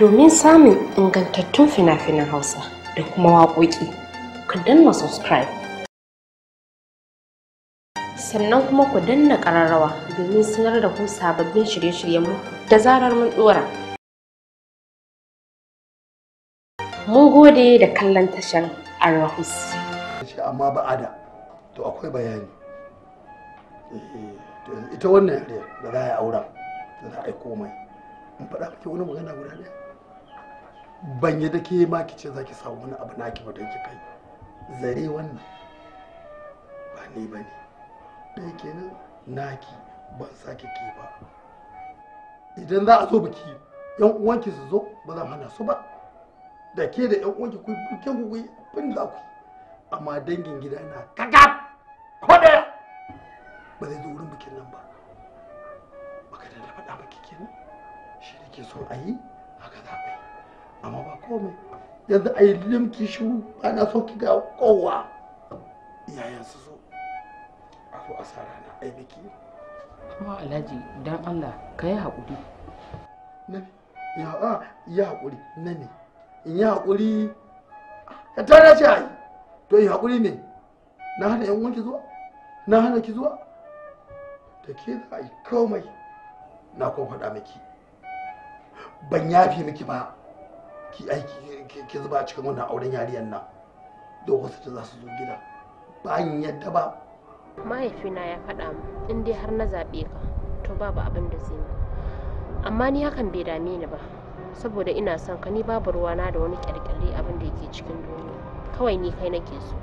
domin samun ingantattun fina-finan Hausa da kuma waƙoƙi, ku danna subscribe. Sannan kuma ku danna ƙararrawa domin sanar da ku sababbin shirye shiryen mu da zarar mun ɗora. Mun gode da kallon tashar Arahus. Amma ba ada to akwai bayani. Eh, ita wannan da za a yi aura, da za a yi komai. In faɗa kake wani magana guda ɗaya. ban yi da ke ma ki ce za ki samu wani abu naki ba don ki kai zare wannan ba ni ba ne kenan naki ban ki ke ba idan za a zo biki yan uwanki su zo ba zan hana su ba da ke da yan uwanki ku bukin ku yi za ku amma dangin gida na kaga ko ɗaya ba zai zo wurin bikin nan ba baka da faɗa maki kenan shi da ke so a yi amma ba komai yanzu a yi limki shiru ana so ki ga kowa iyayen su a so a sa rana a yi biki amma alhaji allah ka yi haƙuri ya haƙuri na ne in yi haƙuri ya tara ce a yi to yi haƙuri ne na hana yan zuwa na hana ki zuwa da ke za a yi komai na kuma faɗa miki ban yafe miki ba ki aiki ki zuba cikin wannan auren yariyar nan wasu da za su zo gida bayan yadda ba mahaifina ya faɗa mu in dai har na zaɓe ka to babu abin da zai yi amma ni hakan bai dame ni ba saboda ina son ka ni babu ruwana da wani kyalkyali abin da yake cikin duniya kawai ni kai nake so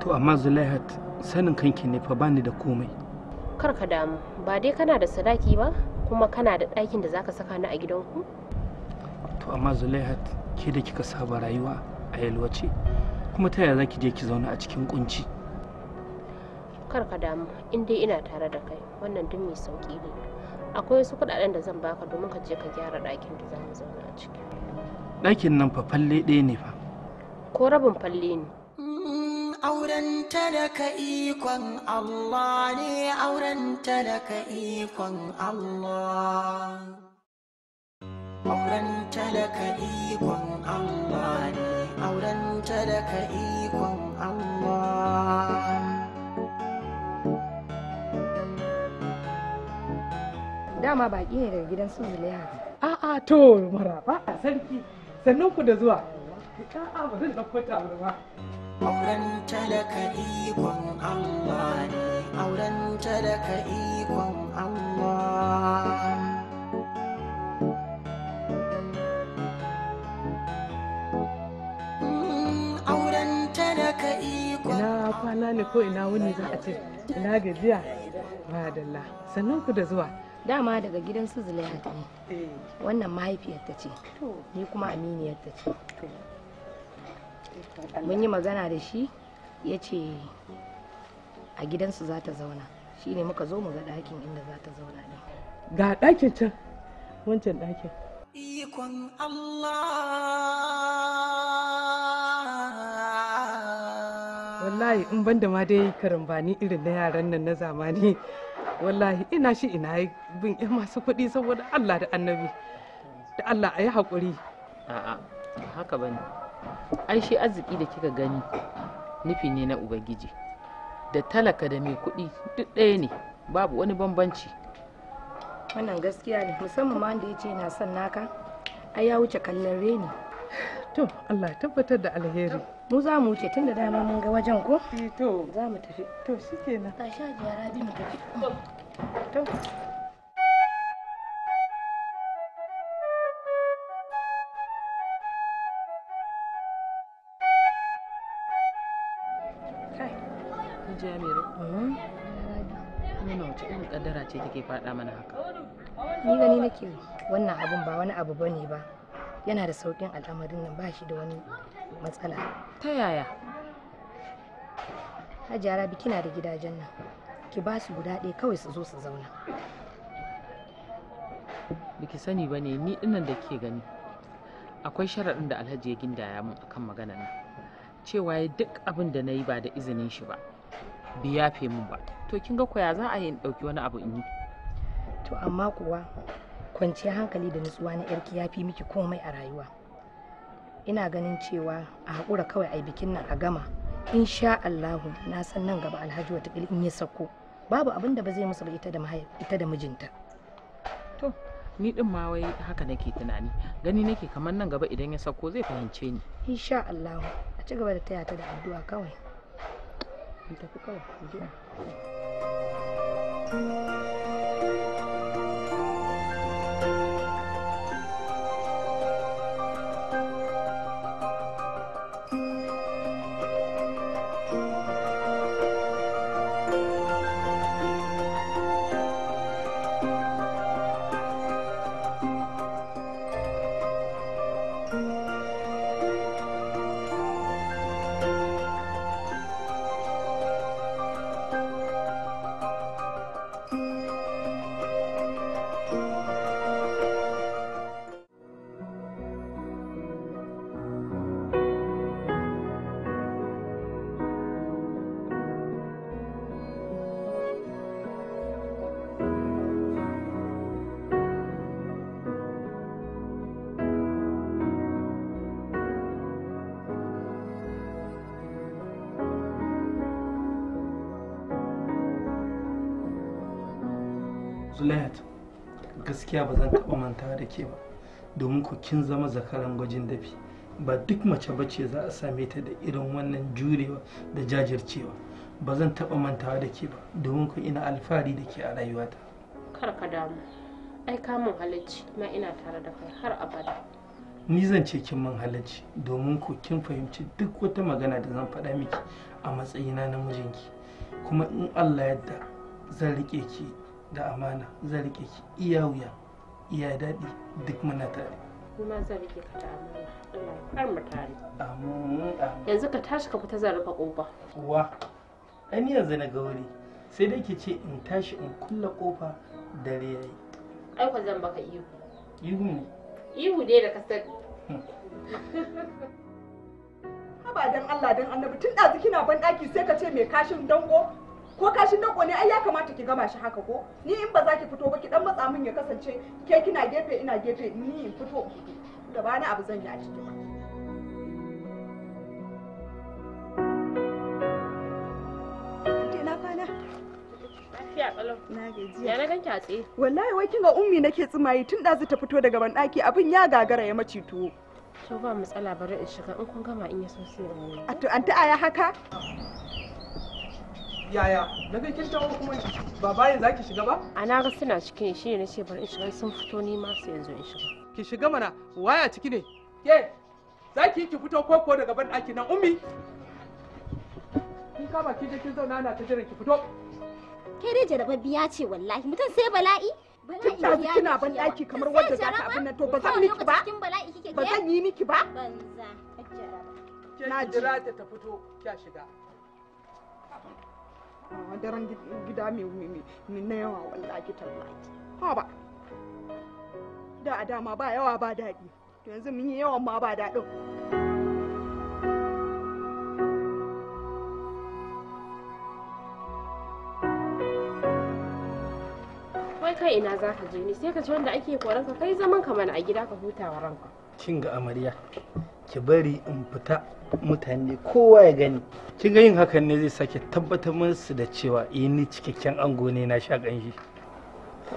to amma zulaihat sanin kanki ne fa bani da komai kar ka damu ba dai kana da sadaki ba kuma kana da ɗakin da zaka saka ni a gidanku to amma zulaihat ke da kika saba rayuwa a yalwace kuma ta yaya za ki je ki zauna a cikin kunci kar ka damu in dai ina tare da kai wannan duk mai sauki ne akwai wasu kuɗaɗen da zan baka domin ka je ka gyara ɗakin da za zauna a ciki ɗakin nan fa falle ɗaya ne fa ko rabin falle ne mm, auren ka ikon Allah ne auren ka ikon Allah auren talaka ikon Allah ne auren talaka ikon Allah dama baki ne daga gidan sun su Zulaiha a'a to maraba a sarki sannan ku da zuwa a'a ba zan dauko ta ba auren talaka ikon Allah ne auren talaka ikon Allah ina kwana ne ko ina wuni za a ce ina gajiya ba dalla sannan ku da zuwa dama daga gidan su zulaiya ta eh. wannan mahaifiyar ta ce ni kuma aminiyar ta ce mun yi magana da shi ya ce a gidansu za ta zauna shi ne muka zo mu ga ɗakin inda za ta zauna ne ga ɗakin can wancan ɗakin ikon allah wallahi in ban da ma dai karambani irin na yaran nan na zamani wallahi ina shi ina yi bin yan masu kuɗi saboda Allah da annabi da Allah a yi haƙuri a'a haka bane ai shi arziki da kika gani nufi ne na ubangiji da talaka da mai kuɗi duk ɗaya ne babu wani bambanci wannan gaskiya ne musamman ma da ya ce na son naka ai ya wuce kallon reni to Allah tabbatar da alheri mu za mu wuce tunda dama mun ga wajen ko eh, to za mu tafi to shikenan jara mu tafi to mm-hmm. faɗa mana haka. Ni wannan abun ba wani abu bane ba. Yana da sauƙin al'amarin nan ba shi da wani matsala. ta yaya hajiya rabi kina da gidajen nan ki ba su guda ɗaya kawai su zo su zauna biki sani ba ne ni dinnan da ke gani akwai sharaɗin da alhaji ya gindaya mun akan maganar nan cewa ya duk abin da na yi ba da izinin shi ba bi yafe min ba to kin ga koya za a yi in ɗauki wani abu in yi to amma kuwa kwanciyar hankali da nutsuwa na yarki ya fi miki komai a rayuwa ina ganin cewa a haƙura kawai a bikin nan a gama insha Allahu na san nan gaba alhaji wata in ya sako babu abin da ba zai musu ba ita da mijinta to ni din ma wai haka nake tunani gani nake kamar nan gaba idan ya sako zai fahimce ni insha Allahu a ci gaba da taya ta da addu'a kawai tafi kawai gaskiya ba zan taɓa mantawa da ke ba domin ku kin zama zakaran gwajin dafi ba duk mace bace za a same ta da irin wannan jurewa da jajircewa ba zan taɓa mantawa da ke ba domin ku ina alfahari da ke a rayuwata kar ka damu ai kamun halacci ma ina tare da kai har abada ni zan ce kin man halacci domin ku kin fahimci duk wata magana da zan faɗa miki a matsayina na mijinki kuma in Allah yadda zan rike ki da amana zan rike ki iya wuya iya daɗi duk muna tare kuma zan rike ka da amana Allah kar mu tare amin yanzu ka tashi ka fita zan rufe kofa Wa an yanzu na gauri sai dai ke ce in tashi in kulla kofa dare yayi ai ku zan baka ihu ihu ne ihu dai da kasar hmm. haba dan Allah dan annabi tun ɗazu kina ban ɗaki sai ka ce mai kashin dango ko kashin nan ne ai ya kamata ki gama shi haka ko ni in ba za ki fito ba ki dan matsa min ya kasance ke kina gefe ina gefe ni in fito da ba na abu zan yi a ciki ba Ya na ganki a tsaye. Wallahi wai kinga ummi nake tsimayi tun da ta fito daga banɗaki abin ya gagara ya maci tuwo. To ba matsala bari in shiga in kun gama in yi so sai A to an ta'a ya haka? yaya na ga kin tawo kuma ba bayan zaki shiga ba a na ga suna cikin shi ne nace bari in shiga sun fito ni ma sai yanzu in shiga ki shiga mana waya ciki ne ke zaki ki fito koko daga ban ɗaki nan ummi kin kama ki je kin zauna na ta jiran ki fito ke dai jarababbiya ce wallahi mutum sai bala'i tun da kina ban ɗaki kamar wanda za ta abin nan to ba zan miki ba ba zan yi miki ba na jira ta fito kya shiga daren gida mai na yawa Wallaki, tallaki, ha ba da a dama ba yawa ba daɗi yanzu mun yi yawan ma ba daɗin kai ina za ka je ni? sai ka ci wanda ake koranka kai zaman ka mana a gida ka hutawa ranka kin ga amarya ki bari in fita mutane kowa ya gani kin ga yin hakan ne zai sake tabbatar musu da cewa eh, ni cikakken ango ne na sha kanshi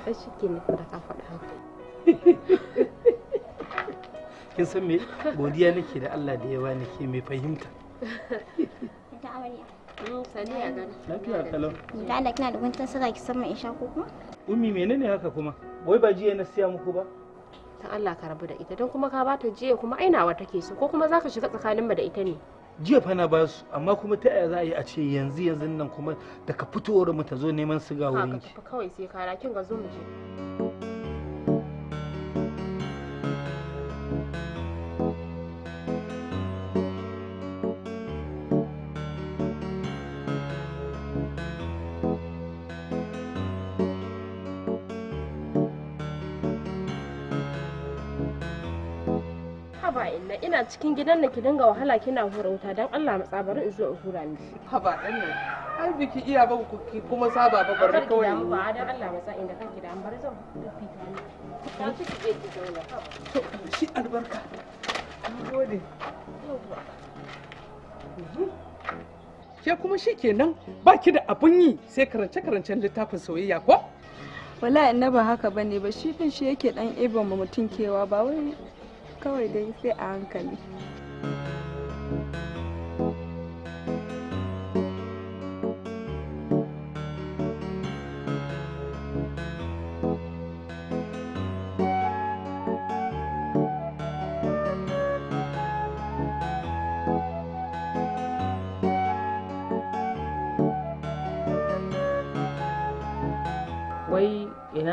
shi ke ne ka kin san me godiya nake da Allah da ya bani nake mai fahimta ita amarya mm, lafiya kalau da Allah kina da wani tasara ki san mai isha ko kuma ummi menene haka kuma wai ba jiya na siya muku ba ta Allah ka rabu da ita don kuma ka bata jiya kuma wa take so ko kuma za ka shiga tsakanin mu da ita ne jiya fa na ba su amma kuma ta yaya za a yi a ce yanzu yanzu nan kuma daga fitowar mu ta zo neman siga wurin ki kawai sai ka rakin ga zo mu je haba inna ina cikin gidan nan ki dinga wahala kina hura wuta dan Allah mu tsabarin in zo in hura miki haba inna ai biki iya ba ku kuma saba ba bari kawai mu ba dan Allah mu sa inda kanki da an bar zo ciki ki to shi albarka gode mhm. ke kuma shi kenan baki da abun yi sai karance-karancen littafin soyayya ko? wala na ba haka bane ba shi kan shi yake dan ibon mutum kewa ba wai kawai dai sai a hankali.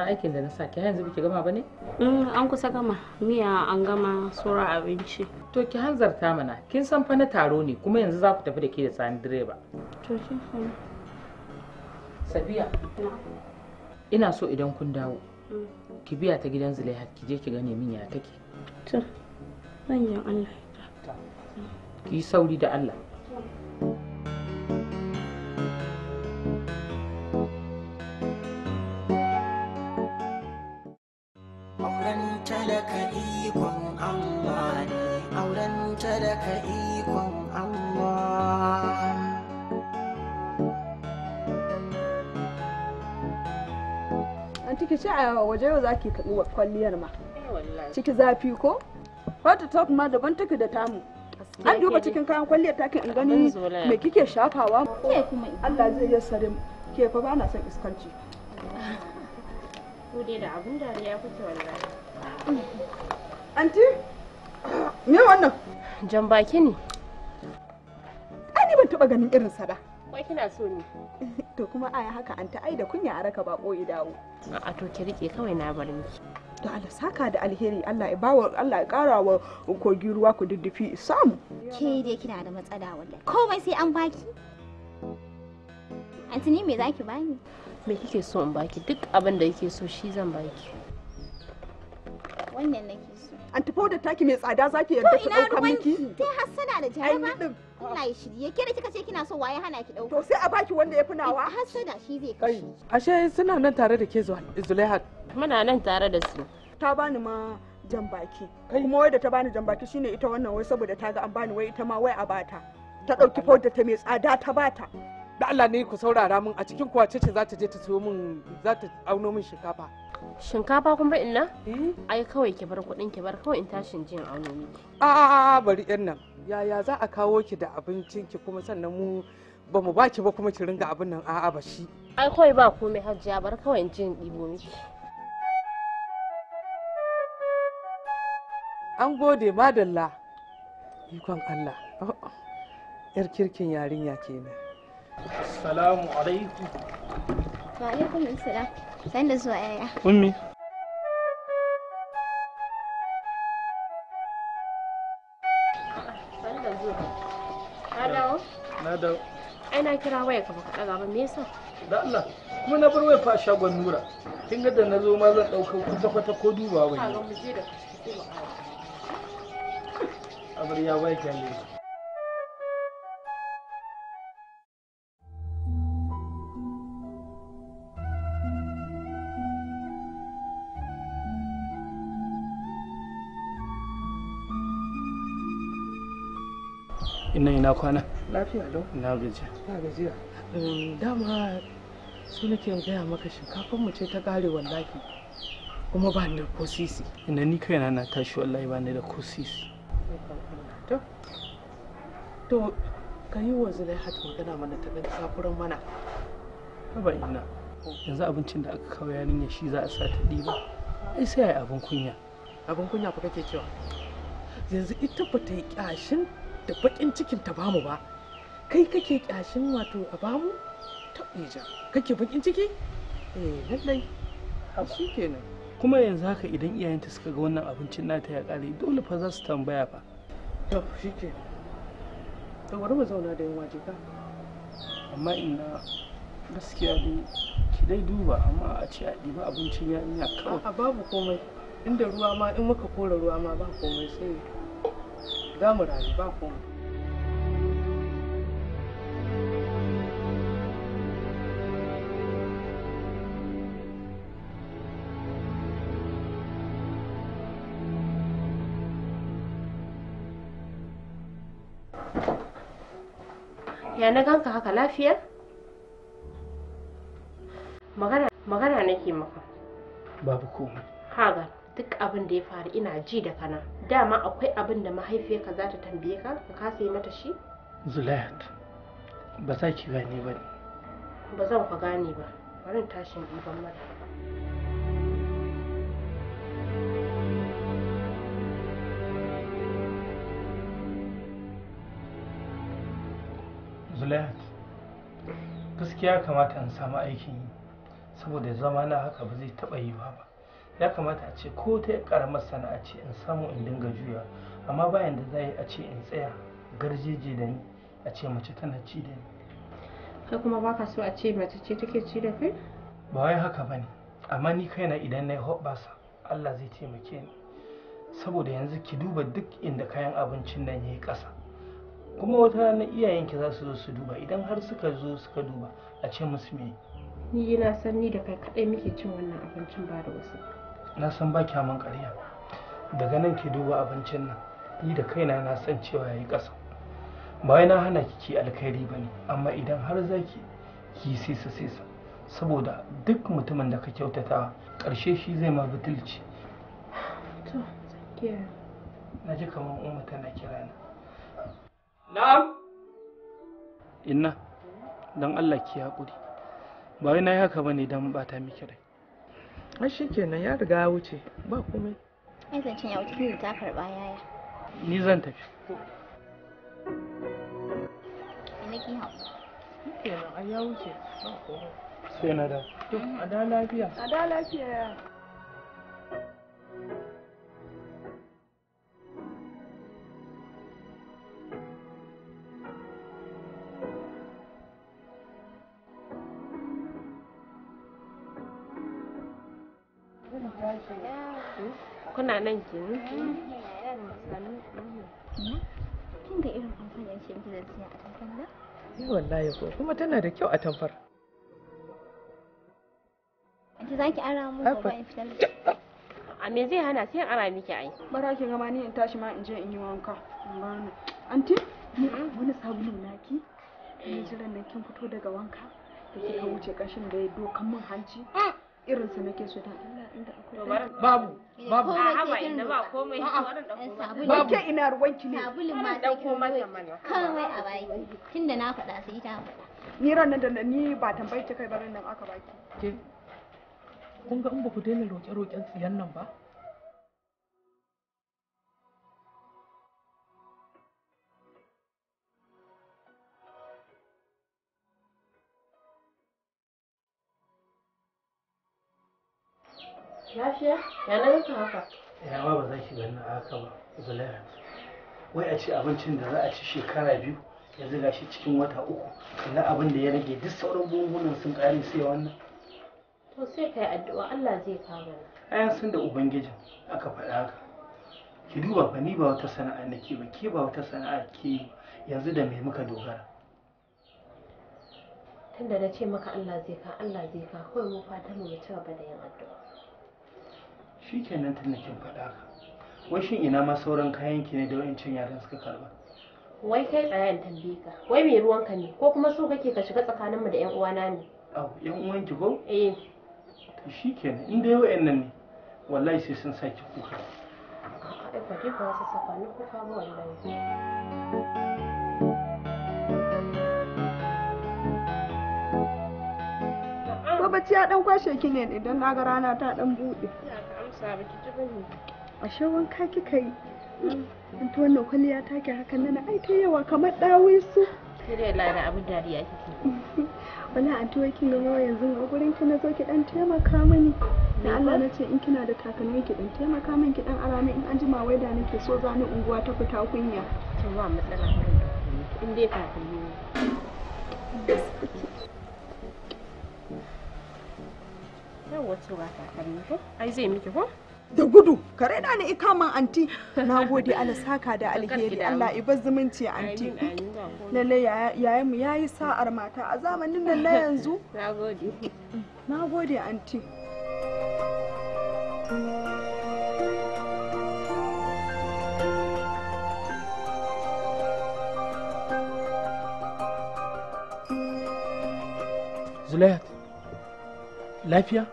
aikin da na sa ki yanzu biki gama bane? Mm, an kusa gama miya an gama sura abinci. To ki hanzarta mana kin san fa na taro ne kuma yanzu za ku tafi da ke da tsani direba. To shi Sabiya. Ina so idan kun dawo. Mm. Ki biya ta gidan Zulaiha ki je ki gane min ya take. To. Allah. Ki sauri da Allah. a waje yau zaki kaɗi kwalliyar ma. Eh, Ciki zafi ko? Fata top ma daban take da tamu. An duba cikin kayan kwalliyar take in gani me kike shafawa. Allah zai yi sarin ke fa ba na son iskanci. Ku dai da abun dariya kuke wallahi. Anti, me wannan? Jan baki ne. Ai ni ban taɓa ganin irin sa ba. wai kina so ne to kuma aya haka an ta aida da kunya a raka bako ya dawo a to ki rike kawai na bar miki to Allah saka da alheri Allah ya bawa Allah ya kara wa kogi ruwa ku diddifi samu ke dai kina da matsala wallahi komai sai an baki Antini me zaki bani me kike so in baki duk abin da kike so shi zan baki wannan nake antifau da taki mai tsada zaki yarda ki dauka miki to ina hassana da jaraba Allah ya shirye ke da kika ce kina so waye hana ki dauka to sai a baki wanda ya fi nawa eh, hassana shi zai kai ashe suna nan tare da ke Zulaihat muna nan tare da su ta bani ma jan baki kuma wai da ta bani jan baki shine ita wannan wai saboda ta ga an bani wai ita ma wai a bata ta dauki fauda ta mai tsada ta bata da Allah ne ku saurara min a cikin kuwa ce za ta je ta siyo min za ta auno min shinkafa Shinkafa kuma inna eh. Ai kawai ki bar kudin ki bar kawai in tashin jin auno miki. A bari yan nan. Yaya za a kawo ki da abincin ki kuma sannan mu ba mu baki ba kuma ki ringa abin nan a'a ba shi. Ai kawai ba komai hajjiya bar kawai in jin dibo miki. An gode madalla. Ikon Allah. Yar oh, kirkin yarinya kenan. Assalamu alaikum. Wa alaikum assalam. Sani da zuwa yaya. Ummi. Na dawo. Ai na kira waya ka baka ɗaga ba me yasa? Da Allah kuma na bar waya fa shagon Nura. Kin ga da na zo ma zan ɗauka kwata-kwata ko duba dubawa ba abar ya waya kyalle. ina kwana lafiya lau na gajiya na gajiya um, dama su nake gaya maka shinkafar mu ce ta kare wallahi kuma ba ni da ko sisi ina ni kai na tashi wallahi ba ni da ko sisi to ka yi wa zulaihat magana mana ta ɗan safuran mana haba ina yanzu abincin da aka kawo yarinya shi za a sa ta ɗiba ai sai a yi abin kunya abin kunya fa kake cewa yanzu ita ba ta yi ƙyashin da bakin cikin ta bamu ba kai kake kyashin wato a bamu ta ija kake bakin ciki eh lallai shi kenan kuma yanzu haka idan iyayenta suka ga wannan abincin nata ya kare dole fa za su tambaya fa to shi ke to bari mu zauna da yan ka amma ina gaskiya ne ki dai duba amma a ce a ɗiba abincin ya ina kawai a babu komai inda ruwa ma in muka kora ruwa ma ba komai sai za mu ba ya na ganka haka lafiya? magana nake maka babu komai haga duk abin da ya faru ina ji da kana dama akwai abin da mahaifiyarka za ta tambaye ka ka kasa yi mata shi zulayat ba za ki gane ba ne ba zan ku gane ba bari tashin iban mata zulayat gaskiya kamata in samu aikin yi saboda zama na haka ba zai taɓa yiwa ba ya kamata a ce ko ta karamar sana'a ce in samu in dinga juya amma bayan da za yi a ce in tsaya garjeje da ni a ce mace tana ci da ni kai kuma baka so a ce mace ce take ci da kai ba wai haka ba ne amma ni kaina idan na yi hoɓasa allah zai taimake ni saboda yanzu ki duba duk inda kayan abincin nan ya yi ƙasa kuma wata rana iyayenki za su zo su duba idan har suka zo suka duba a ce musu me ni na sanni da kai kaɗai muke cin wannan abincin ba da wasu na san ba kya man ƙarya daga nan ke duba abincin nan ni da kaina na san cewa yayi ƙasa ba na hana ki ki alkhairi ba amma idan har zaki ki ki sisa sisa saboda duk mutumin da ka kyautata ƙarshe shi zai ma butulci to na ji kamar umma tana kira na na'am inna dan Allah ki hakuri ba wai na yi haka bane dan bata miki rai ai shi kenan ya riga ya wuce ba komai ai zancen ya wuce ni ta karba yaya ni zan tafi ina ki hawo kenan ai ya wuce ba komai sai na da to a da lafiya a da lafiya kuna nan ke kin ga irin amfani da shi da a tamfar nan eh wallahi ko kuma tana da kyau a tamfar anti zaki ara mu ba in fitar A me zai hana sai ara miki ai. Bara ki gama ni in tashi ma in je in yi wanka. Bana. Anti, wani sabulun naki? Ni jiran nan kin fito daga wanka. Da kika wuce kashin da ya dokan min hanci. Ah! irin sa nake so ta babu babu a haba inda ba komai babu ke ina ki ne sabulin ma sai kin kan kawai a baki tunda na faɗa sai ta faɗa ni ran nan da ni ba tambayi ta kai ba ran nan aka baki ke kun ga in ba ku daina roƙe-roƙen tsiyan nan ba Lafiya? Ya na nuka haka? Yawa ba za ki ganna haka ba, Zulaiha. Wai a ce abincin da za a ci shekara biyu yanzu gashi cikin wata uku kalla abin da ya rage duk sauran gungunan sun ƙare sai wannan. To sai kai addu'a Allah zai kawo ni. Ayan sun da Ubangijin aka faɗa haka. Ki duba fa ni ba wata sana'a nake ba ke ba wata sana'a ke yanzu da me muka dogara. Tunda na ce maka Allah zai ka Allah zai ka kawai mu fata mu ci gaba da yin addu'a. shi kenan tun da faɗa ka wai shin ina ma sauran kayan ki ne da wayancin yaran suka karba wai kai tsaya in tambaye ka wai ruwan ruwanka ne ko kuma so kake ka shiga tsakaninmu da yan uwana ne au yan uwanki ko eh to shi kenan in dai wayannan ne wallahi sai sun saki kuka ai ba ki ba su saka ni kuka ba wallahi bacci ya dan kwashe ki ne idan na ga rana ta dan bude. Sa baki ji Ashe wanka kika yi. In ta wannan kwalliya ta ke nan ai ta yawa kamar ɗawin su. Sai dai lana abin dariya kike. Wala kin ga yanzu a gurin ki na zo ki dan taimaka mani. Allah na ce in kina da takalmi ki dan taimaka min ki dan in an jima da nake so za ni unguwa ta fita kunya. Kin ba matsala. In dai ne. Ai zai miki ko? da gudu kare raina ni ikaman anti na gode ala saka da alheri Allah iba zumunci anti lalle yayan mu yayi sa'ar mata a zamanin nan na yanzu na gode na gode anti Zulayat, lafiya?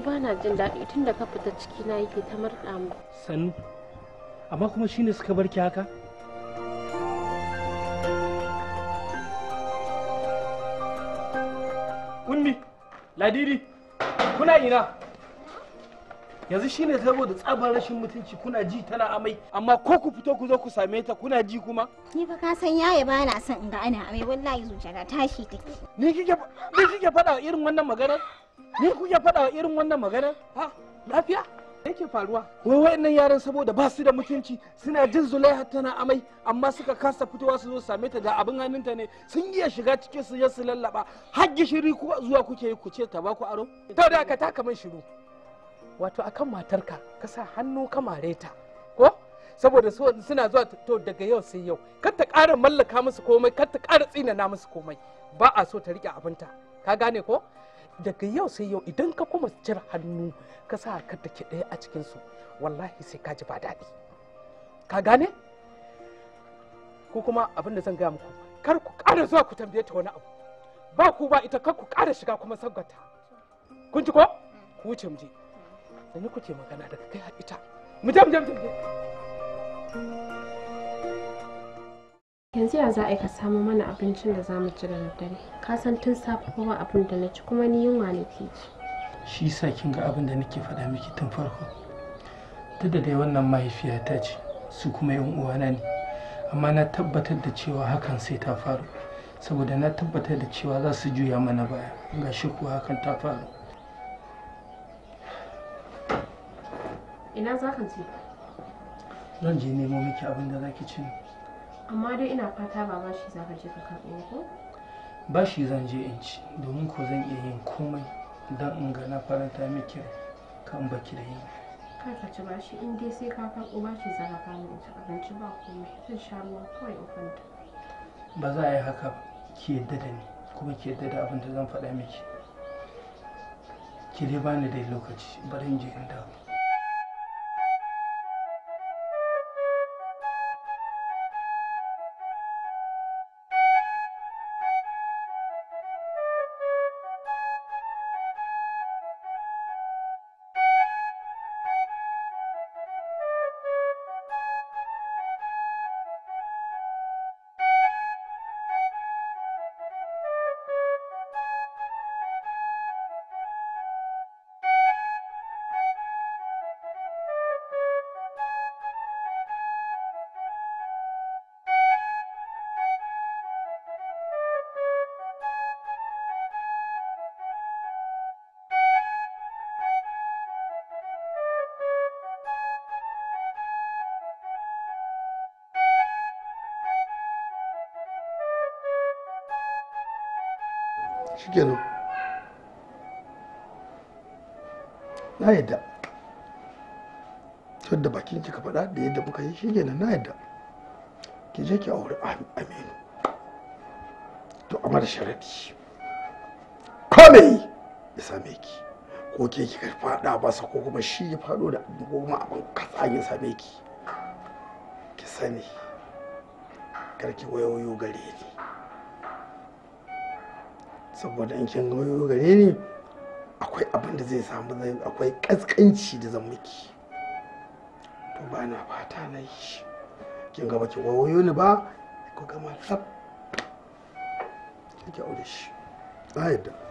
ba na jin daɗi tun da ka fita ciki na yake ta murɗa mu sannu amma kuma shine suka barki haka ummi ladidi kuna ina yanzu shine saboda tsabar rashin mutunci kuna ji tana amai amma ko ku fito ku zo ku same ta kuna ji kuma ni fa ka san yaya ba na son in ga ana amai wallahi zuciya tashi take ni kike ni kike faɗa irin wannan maganar Ni ku iya faɗa irin wannan magana? Ha, lafiya? yake faruwa wai wayannan yaran saboda ba su da mutunci suna jin zulaiha tana amai amma suka kasa fitowa su zo same ta da abin hannunta ne sun iya shiga cikin su su lallaba har gishiri kuwa zuwa kuke yi ku ce ta ba ku aro to da ka taka min shiru wato akan matarka ka sa hannu ka mare ta ko saboda suna zuwa to daga yau sai yau kar ta ƙara mallaka musu komai kar ta ƙara tsinana musu komai ba a so ta rike abinta ka gane ko daga yau sai yau idan ka kuma cire hannu ka sa ka take ɗaya a cikinsu wallahi sai ka ji ba daɗi ka gane ko kuma abin da zan gaya muku kar ku ƙara zuwa ku tambaye ta wani abu ba ku ba ita kar ku ƙara shiga kuma sabbata kun ji ko ku wuce mu je da ni kuke magana daga kai ita mu je mu je mu je yanzu ya za a yi ka samo mana abincin da za mu ci da daddare ka san tun safe kuma abin da na ci kuma ni yunwa ke ci shi sa kin ga abin da nake faɗa miki tun farko duk da dai wannan mahaifiyata ce su kuma yan uwana ne amma na tabbatar da cewa hakan sai ta faru saboda na tabbatar da cewa za su juya mana baya ga shi kuwa hakan ta faru ina za ka je zan je nemo miki abin da za ki ci amma dai ina fata ba bashi za ka je ka karɓo ko bashi zan je in ci domin ko zan iya yin komai don in ga na faranta miki kan baki da yin kar ka ci bashi in dai sai ka karɓo bashi za ka kama in ci abinci ba komai zan sha ruwa kawai in kwanta ba za a yi haka ki yadda da ni kuma ki yadda da abin da zan faɗa miki ki dai bani da lokaci bari in je in dawo shikenan na yadda yadda bakin kika faɗa da yadda muka yi shikenan na yadda ki je ki aure aminu to a da sharadi kome ya same ki ko ke kika faɗa masa ko kuma shi ya faɗo da ko kuma abin kasa ya same ki ki sani karki wayoyo gare ni saboda in kin gauyo gare ni akwai abin da zai samu zai akwai kaskanci da zan miki to ba na fata na yi kin ga baki wayo ni ba ko gama tsaf kike aure shi ba yadda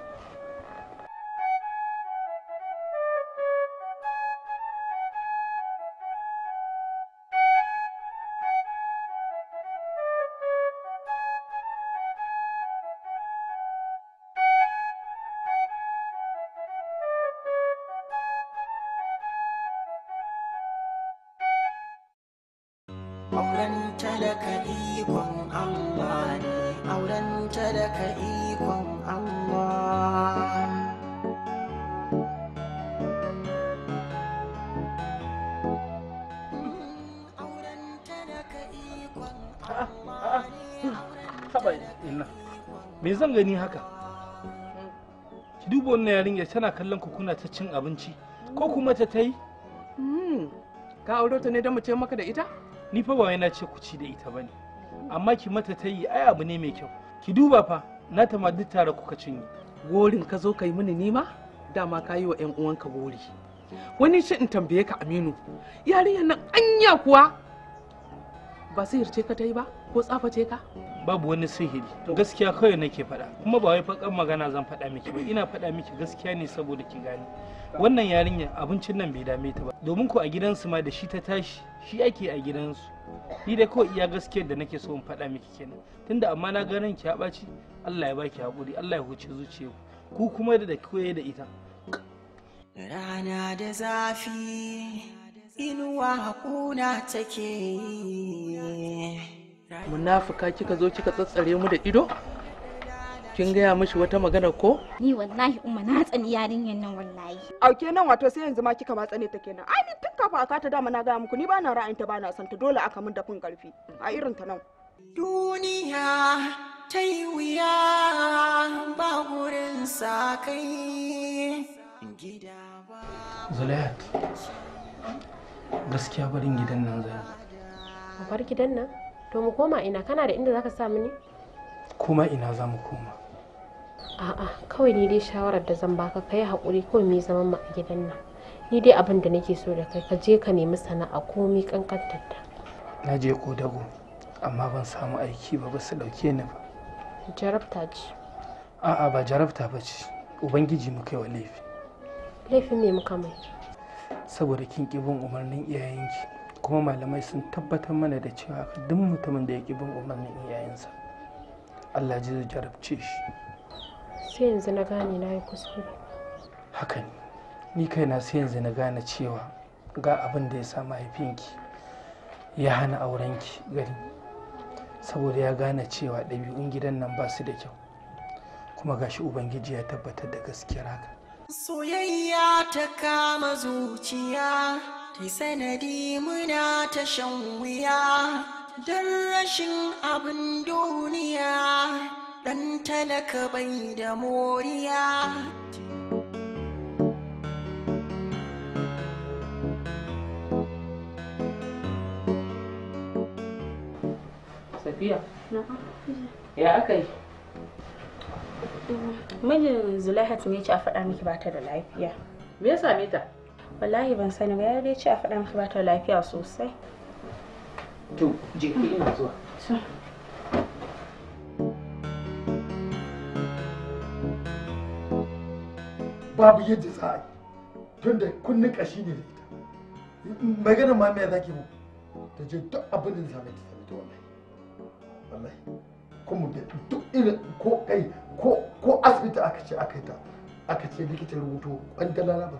ban gani haka ki duba wannan yarinya tana kallon ku kuna ta cin abinci ko kuma ta ta yi hmm. ka aure ta ne don mu ce maka da ita ni fa ba wai na ce ku ci da ita bane amma ki mata ta yi ai abu ne mai kyau ki duba fa na ta ma duk tare kuka cinye gorin ka zo ka yi mini nima dama ka yi wa 'yan uwanka gori wani shi in tambaye ka aminu yarinyar nan anya kuwa ba sai yarce ka ta yi ba ko tsaface ka babu wani sihiri gaskiya kawai nake faɗa kuma ba wai fakan magana zan faɗa miki ba ina faɗa miki gaskiya ne saboda ki gani wannan yarinya abincin nan bai dame ta ba domin ko a gidansu ma da shi ta tashi shi ake a gidansu ni dai kawai iya gaskiyar da nake so in faɗa miki kenan tunda amma na ga ranki ya ɓaci Allah ya baki haƙuri Allah ya huce zuciyarku ku kuma da koye da ita rana da zafi inuwa hakuna take munafuka kika zo kika tsatsare mu da ido kin gaya mishi wata magana ko ni wallahi umma na tsani yarinyar nan wallahi auke nan wato sai yanzu ma kika ma tsane ta kenan ai ni tun kafa aka ta dama na gaya muku ni ba na ra'ayin ta ba na son ta dole aka da dafin karfi a irin ta nan duniya ta yi wuya ba gurin sa kai gida ba zulayat gaskiya barin gidan nan zai bar gidan nan to mu koma ina kana da inda zaka sa mu ne koma ina za mu koma a'a kawai ni dai shawarar da zan baka kai hakuri ko me zaman mu a gidan nan ni dai abin da nake so da kai ka je ka nemi sana'a komai kankantar ta na je ko dago amma ban samu aiki ba ba su dauke ni ba jarabta ce a'a ba jarabta ba ce ubangiji muka yi wa laifi laifin me muka mai saboda kin kibin umarnin iyayenki kuma malamai sun tabbatar mana da cewa duk mutumin da ya ƙi bin umarnin iyayensa allah ji jarabce shi sai yanzu na gane na yi kuskure hakan ni kaina sai yanzu na gane cewa ga abin da ya sa mahaifinki ya hana aurenki gari saboda ya gane cewa ɗabi'un gidan nan ba su da kyau kuma gashi ubangiji ya tabbatar da gaskiyar haka soyayya ta kama zuciya Ki sanadi muna ta shan wuya don rashin abin duniya ɗan talaka bai da moriya. Safiya? Ya aka yi? Mijin Zulaihat ne ce a faɗa miki ba ta da lafiya. Me ya same ta? wallahi ban sani ba ya dai ce a faɗa maka ba ta lafiya sosai to je ki ina zuwa babu yadda za a yi tun da kunnin ƙashi ne da ita ma mai zaki mu ta je duk abin da ta ta wallahi wallahi kuma da duk irin ko kai ko asibiti aka ce aka yi ta aka ce likita rubuto ba ba ba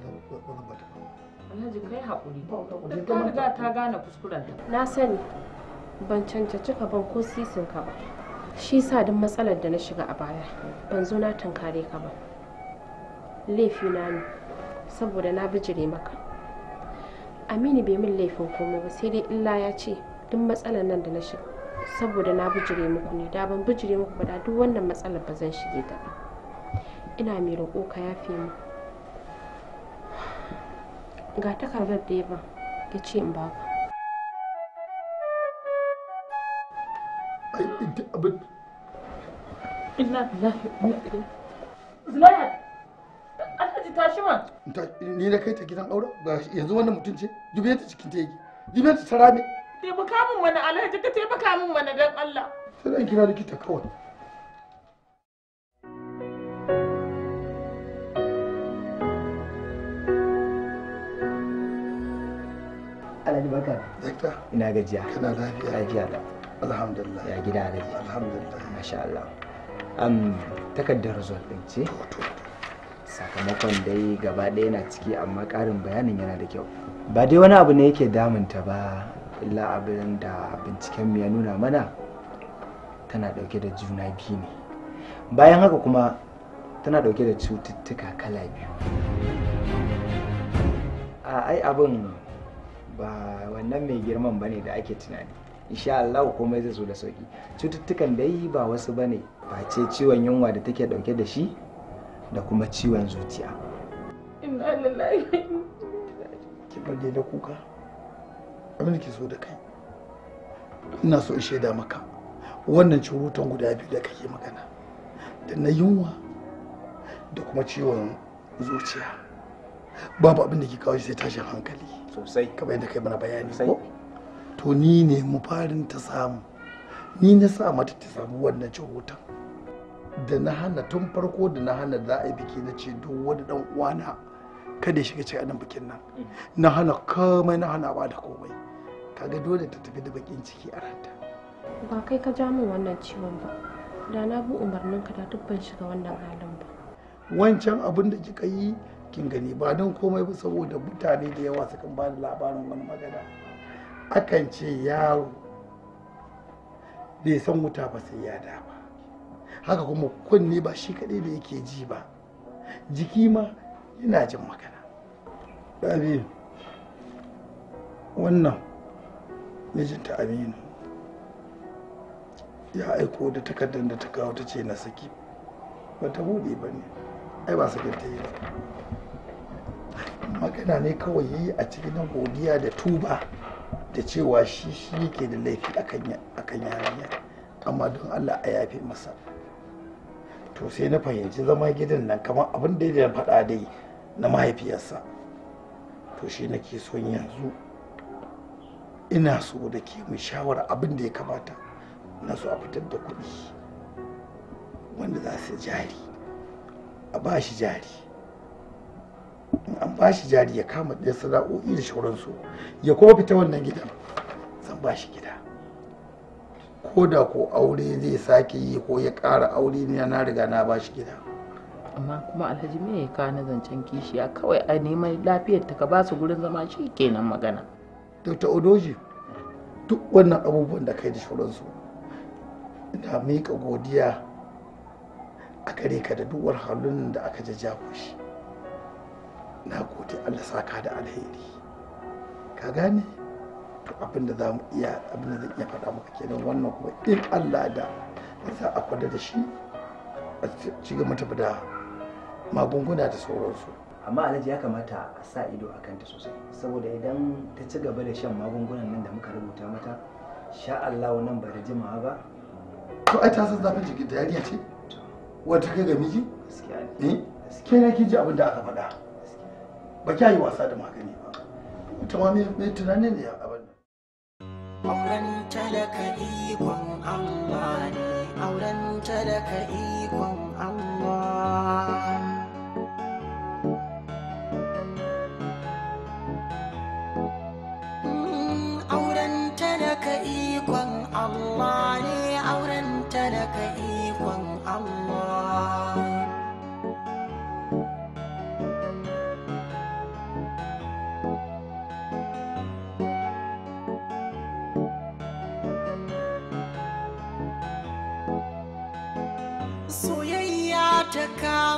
Alhaji kai haƙuri. ta riga ta gane kuskurenta. Na sani ban cancanci ka ban ko sisin ka ba. Shi sa duk matsalar da na shiga a baya ban zo na tankare ka ba. Laifi na ne saboda na bijire maka. Aminu bai min laifin komai ba sai dai illa ya ce duk matsalar nan da na shiga saboda na bijire muku ne da ban bijire muku ba da duk wannan matsalar ba zan shige ta ba. Ina mai roƙo ka yafe mu. ga takardar da ya ba ya ce in ba. ai ni na kai ta gidan aure ba yanzu wannan mutum ce dubiyar ta cikin ta yake dubiyar ta rame taimaka min mana alhaji ka taimaka min mana dan Allah sai an kira likita kawai ina gajiya kana lafiya da alhamdulillah ya gida da alhamdulillah masha Allah am takaddar result din ce sakamakon dai gaba ɗaya yana ciki amma ƙarin bayanin yana da kyau ba dai wani abu ne yake damunta ba illa abin da binciken ya nuna mana tana ɗauke da juna biyu ne bayan haka kuma tana ɗauke da cututtuka kala biyu a ai abin ba wannan mai girman bane da ake tunani insha Allah komai zai zo da sauki cututtukan yi ba wasu bane ce ciwon yunwa da take dauke da shi da kuma ciwon zuciya inna lillahi ki balle da kuka abin ki so da kai ina so in shaida maka wannan curutan guda biyu da kake magana da na yunwa da kuma ciwon zuciya babu abin da ke kawo sai tashin hankali sosai kamar yadda kai mana bayani ko to ni ne mu farin ta samu ni na sa mata ta samu wannan rahoton da na hana tun farko da na hana za a biki na ce duk wani dan uwana kada ya shiga cikin bikin nan mm. na hana komai na hana ba da komai kaga dole ta tafi da bakin ciki a ranta ba kai ka ja min wannan ciwon ba da na bi ka da duk shiga wannan halin ba wancan abin da kika yi kin gani ba don komai ba saboda mutane da yawa sukan ba da labarin wani magana akan ce yaro bai san wuta ba sai ya da ba haka kuma kunne ba shi kaɗai da yake ji ba jiki ma yana jin magana dabi wannan mijinta aminu ya aiko da takardar da ta kawo ta ce na saki ba ta buɗe ba ne ai ba sakin ta ba magana ne kawai yayi a cikin godiya da tuba da cewa shi shi yake da laifi akan yarinya amma don allah a yafe masa to sai na fahimci zama gidan nan kamar abin da ya faɗa dai na mahaifiyarsa to shi nake son yanzu ina so da ke mu shawara abin da ya kamata na so a fitar da kuɗi wanda za su jari a ba shi jari an ba shi jari ya kama ɗaya sana'o'i da shauransu ya kuma fita wannan gidan zan ba shi gida ko da ko aure zai sake yi ko ya ƙara aure ne na riga na ba shi gida amma kuma alhaji me ya kawo na zancen kishiya kawai a neman lafiyar ta ka ba su gurin zama shi kenan magana dr odoji duk wannan abubuwan da kai da shauransu ina miƙa godiya a gare ka da duk halin da aka jajjafo shi na gode allah saka da alheri ka gane to abin da za mu iya abin da zan iya faɗa maka kenan wannan kuma in allah da za a kwada da shi a ci gaba tafi da magunguna da sauransu amma alhaji ya kamata a sa ido a kanta sosai saboda idan ta ci gaba da shan magungunan nan da muka rubuta mata sha Allah nan ba da jimawa ba to ai ta san zafin jikin da yariya ce wata kai ga miji gaskiya ne eh kenan kin ji abin da aka faɗa ba kya yi wasa da magani ba ita ma tunanin ne a wannan auren talaka ikon ikon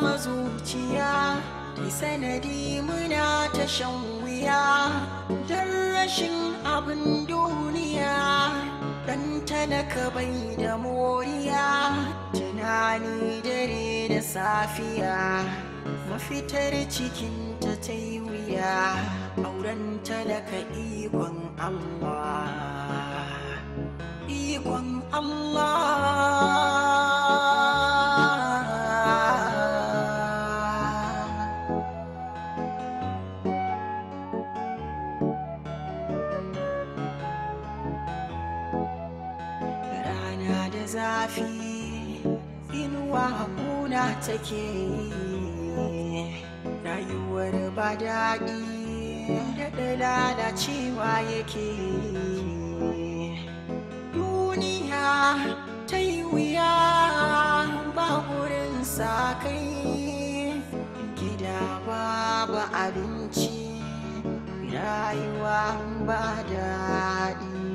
mazuciya da sanadi muna ta shan wuya don rashin abin duniya dan talaka bai da moriya tunani dare da safiya mafitar cikin ta ta yi wuya auren talaka ikon allah ikon allah a kuna take rayuwar ba daɗi da lalacewa yake duniya ta yi wuya ba wurin sa kai gida babu abinci rayuwa ba daɗi